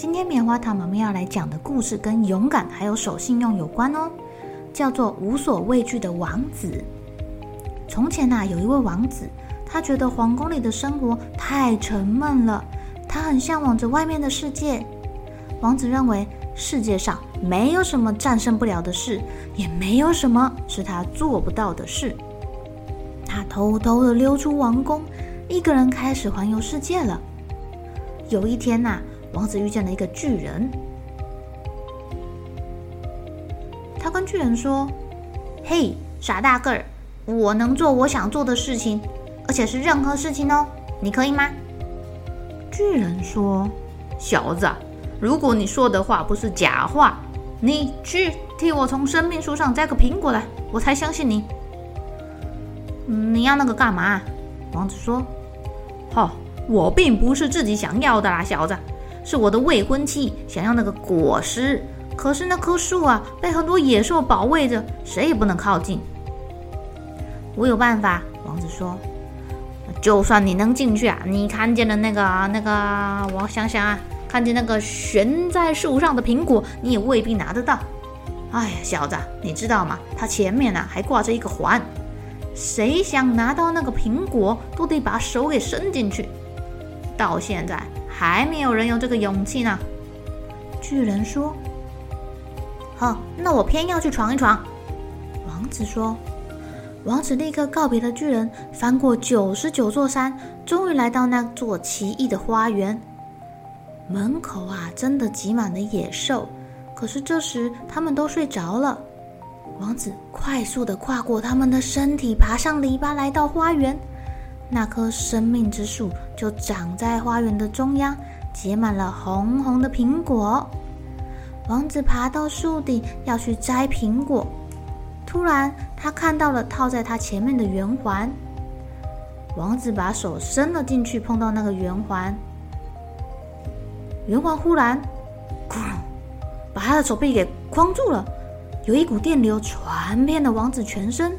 今天棉花糖媽咪要來講的故事跟勇敢還有守信用有關哦，叫做《無所畏懼的王子》。從前吶、啊，有一位王子，他覺得皇宮裡的生活太沉悶了，他很嚮往着外面的世界。王子認為世界上沒有什麼戰勝不了的事，也沒有什麼是他做不到的事。他偷偷地溜出王宮，一個人開始環遊世界了。有一天吶、啊。王子遇見了一個巨人，他跟巨人說：“嘿，傻大個兒，我能做我想做的事情，而且是任何事情哦。你可以嗎？”巨人說：“小子，如果你說的話不是假話，你去替我從生命樹上摘個蘋果來，我才相信你。嗯，你要那個幹嘛？”王子說：“好，我並不是自己想要的啦，小子。”是我的未婚妻想要那個果實，可是那棵樹啊，被很多野獸保衛着，誰也不能靠近。我有辦法，王子說。就算你能進去啊，你看見了那個那個，我想想啊，看見那個懸在樹上的蘋果，你也未必拿得到。哎呀，小子，你知道嗎？它前面呢，啊，還掛着一個環，誰想拿到那個蘋果，都得把手給伸進去。到現在。還沒有人有這個勇氣呢，巨人說：“好，哦，那我偏要去闖一闖。”王子說：“王子立刻告別了巨人，翻過九十九座山，終於來到那座奇異的花園。門口啊，真的擠滿了野獸，可是這時他們都睡着了。王子快速的跨過他們的身體，爬上籬笆，來到花園。”那棵生命之樹就長在花園的中央，結滿了紅紅的蘋果。王子爬到樹頂要去摘蘋果，突然他看到了套在他前面的圓環。王子把手伸了進去，碰到那個圓環，圓環忽然，咕嚕，把他的手臂給框住了。有一股電流傳遍了王子全身。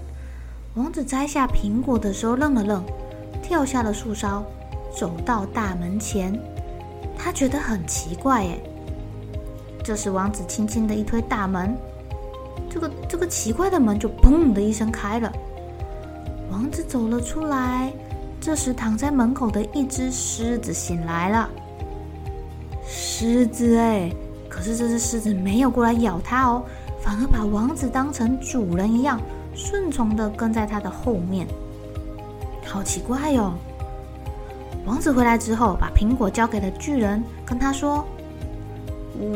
王子摘下蘋果的時候愣了愣。跳下了樹梢，走到大門前，他覺得很奇怪哎。這時，王子輕輕的一推大門，這個這個奇怪的門就砰的一聲開了。王子走了出來，這時躺在門口的一隻獅子醒來了。獅子哎，可是這隻獅子沒有過來咬他哦，反而把王子當成主人一樣，順從的跟在他的後面。好奇怪喲、哦！王子回來之後，把蘋果交給了巨人，跟他說：“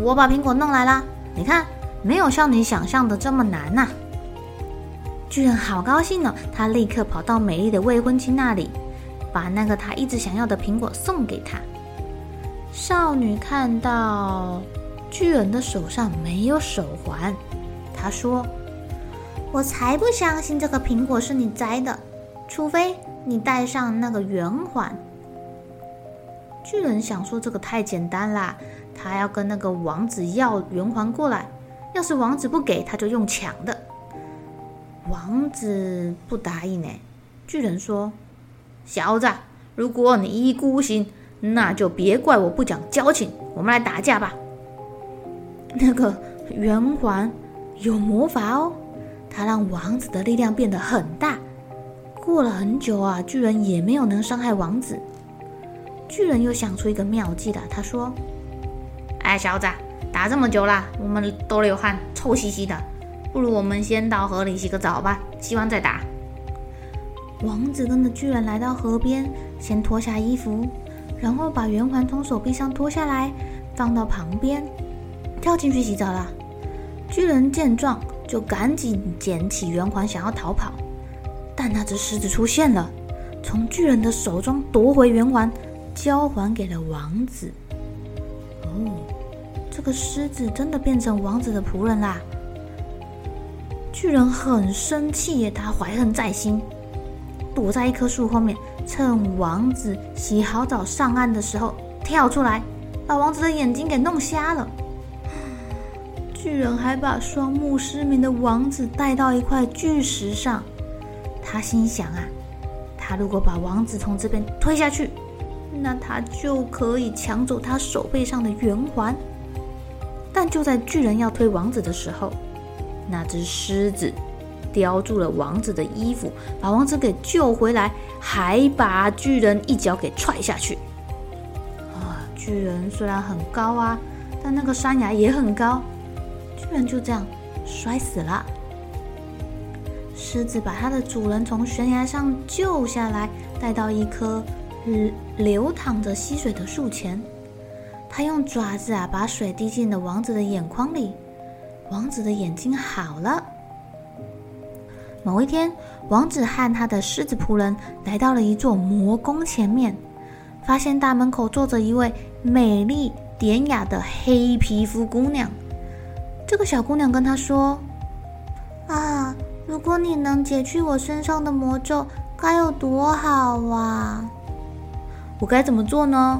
我把蘋果弄來了，你看，沒有像你想象的這麼難吶。”巨人好高興哦，他立刻跑到美麗的未婚妻那裡，把那個他一直想要的蘋果送給她。少女看到巨人的手上沒有手環，她說：“我才不相信這個蘋果是你摘的。”除非你戴上那個圓環。巨人想說，這個太簡單啦，他要跟那個王子要圓環過來。要是王子不給，他就用搶的。王子不答應呢，巨人說：“小子，如果你一意孤行，那就別怪我不講交情。我們來打架吧。”那個圓環有魔法哦，它讓王子的力量變得很大。過了很久啊，巨人也沒有能傷害王子。巨人又想出一個妙計了，他說：“哎，小子，打這麼久啦，我們都流汗，臭兮兮的，不如我們先到河裡洗個澡吧，洗完再打。”王子跟着巨人來到河邊，先脫下衣服，然後把圓環從手臂上脫下來，放到旁邊，跳進去洗澡了。巨人見狀，就趕緊撿起圓環，想要逃跑。但那隻獅子出現了，從巨人的手中奪回圓環，交還給了王子。哦，這個獅子真的變成王子的僕人啦！巨人很生氣也，他懷恨在心，躲在一棵樹後面，趁王子洗好澡上岸的時候跳出來，把王子的眼睛給弄瞎了。巨人還把雙目失明的王子帶到一塊巨石上。他心想啊，他如果把王子從這邊推下去，那他就可以搶走他手背上的圓環。但就在巨人要推王子的時候，那隻獅子叼住了王子的衣服，把王子給救回來，還把巨人一腳給踹下去。啊，巨人雖然很高啊，但那個山崖也很高，巨人就這樣摔死了。獅子把它的主人從懸崖上救下來，帶到一棵嗯流淌着溪水的樹前。它用爪子啊，把水滴進了王子的眼眶裡。王子的眼睛好了。某一天，王子和他的獅子僕人來到了一座魔宮前面，發現大門口坐着一位美麗典雅的黑皮膚姑娘。這個小姑娘跟他說：“啊。”如果你能解去我身上的魔咒，該有多好啊！我該怎麼做呢？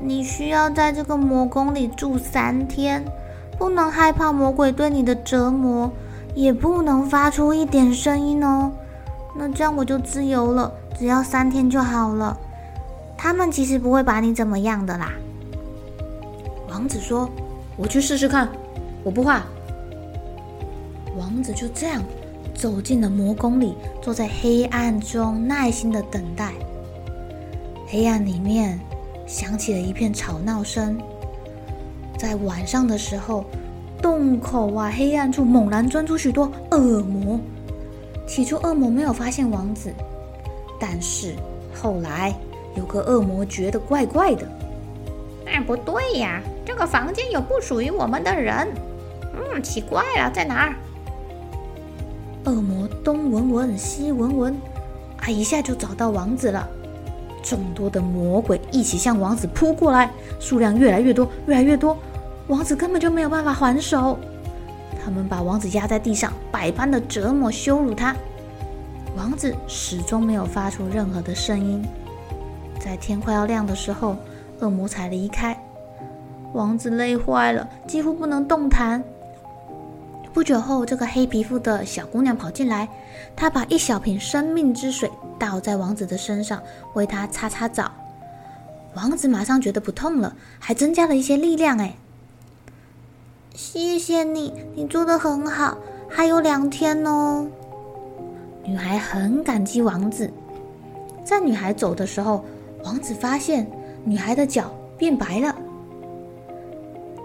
你需要在這個魔宮裡住三天，不能害怕魔鬼對你的折磨，也不能發出一點聲音哦。那這樣我就自由了，只要三天就好了。他們其實不會把你怎麼樣的啦。王子說：“我去試試看，我不怕。”王子就這樣走進了魔宮裡，坐在黑暗中耐心的等待。黑暗裡面響起了一片吵鬧聲。在晚上的時候，洞口啊，黑暗處猛然鑽出許多惡魔。起初，惡魔沒有發現王子，但是後來有個惡魔覺得怪怪的，哎，不對呀，這個房間有不屬於我們的人。嗯，奇怪了，在哪兒？惡魔東聞聞，西聞聞，他一下就找到王子了。眾多的魔鬼一起向王子撲過來，數量越來越多，越來越多，王子根本就沒有辦法還手。他們把王子壓在地上，百般的折磨、羞辱他。王子始終沒有發出任何的聲音。在天快要亮的時候，惡魔才離開。王子累壞了，幾乎不能動彈。不久後，這個黑皮膚的小姑娘跑進來，她把一小瓶生命之水倒在王子的身上，為他擦擦澡。王子馬上覺得不痛了，還增加了一些力量誒。哎，謝謝你，你做得很好。還有兩天哦，女孩很感激王子。在女孩走的時候，王子發現女孩的腳變白了。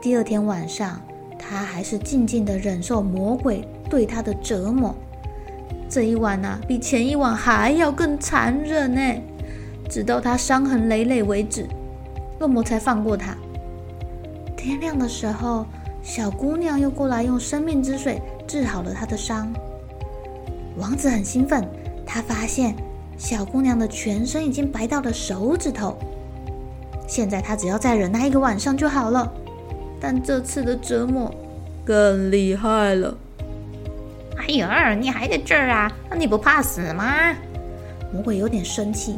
第二天晚上。他還是靜靜地忍受魔鬼對他的折磨，這一晚吶、啊，比前一晚還要更殘忍呢，直到他傷痕累累為止，惡魔才放過他。天亮的時候，小姑娘又過來用生命之水治好了他的傷。王子很興奮，他發現小姑娘的全身已經白到了手指頭，現在他只要再忍耐一個晚上就好了。但這次的折磨更厲害了！哎呦，你還在這兒啊？那你不怕死嗎？魔鬼有點生氣，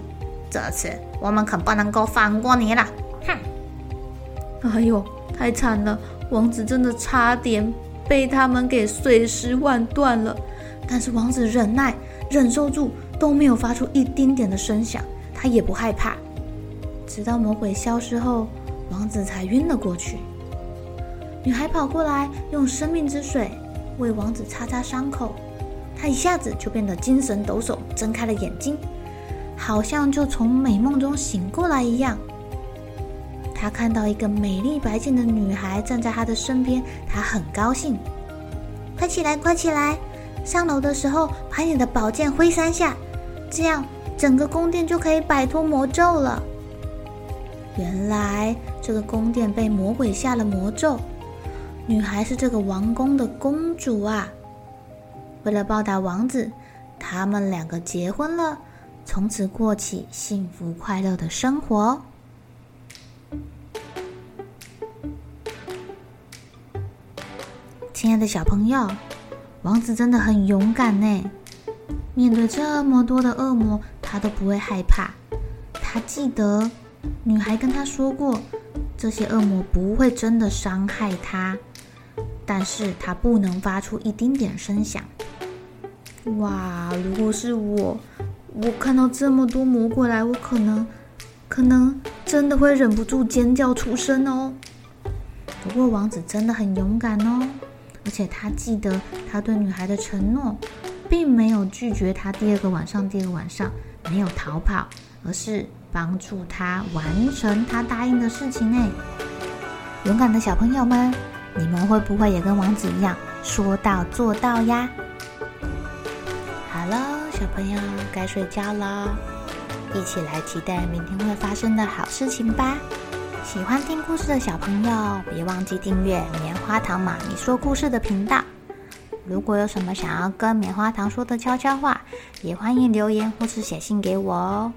這次我們可不能夠放過你了！哼！哎呦，太慘了！王子真的差點被他們給碎屍萬段了。但是王子忍耐、忍受住，都沒有發出一丁點的聲響。他也不害怕，直到魔鬼消失後，王子才暈了過去。女孩跑過來，用生命之水為王子擦擦傷口，他一下子就變得精神抖擻，睜開了眼睛，好像就從美夢中醒過來一樣。他看到一個美麗白淨的女孩站在他的身邊，他很高興。快起來，快起來！上樓的時候把你的寶劍揮三下，這樣整個宮殿就可以擺脫魔咒了。原來這個宮殿被魔鬼下了魔咒。女孩是這個王宮的公主啊！為了報答王子，他們兩個結婚了，從此過起幸福快樂的生活。親愛的小朋友，王子真的很勇敢呢！面對這麼多的惡魔，他都不會害怕。他記得女孩跟他說過，這些惡魔不會真的傷害他。但是他不能發出一丁點聲響。哇！如果是我，我看到這麼多魔過來，我可能，可能真的會忍不住尖叫出聲哦。不過王子真的很勇敢哦，而且他記得他對女孩的承諾，並沒有拒絕她。第二個晚上，第二個晚上沒有逃跑，而是幫助她完成他答應的事情。哎，勇敢的小朋友們！你們會不會也跟王子一樣說到做到呀？好了，小朋友該睡覺了，一起來期待明天會發生的好事情吧！喜歡聽故事的小朋友，別忘記訂閱棉花糖媽咪說故事的頻道。如果有什麼想要跟棉花糖說的悄悄話，也歡迎留言或是寫信給我哦。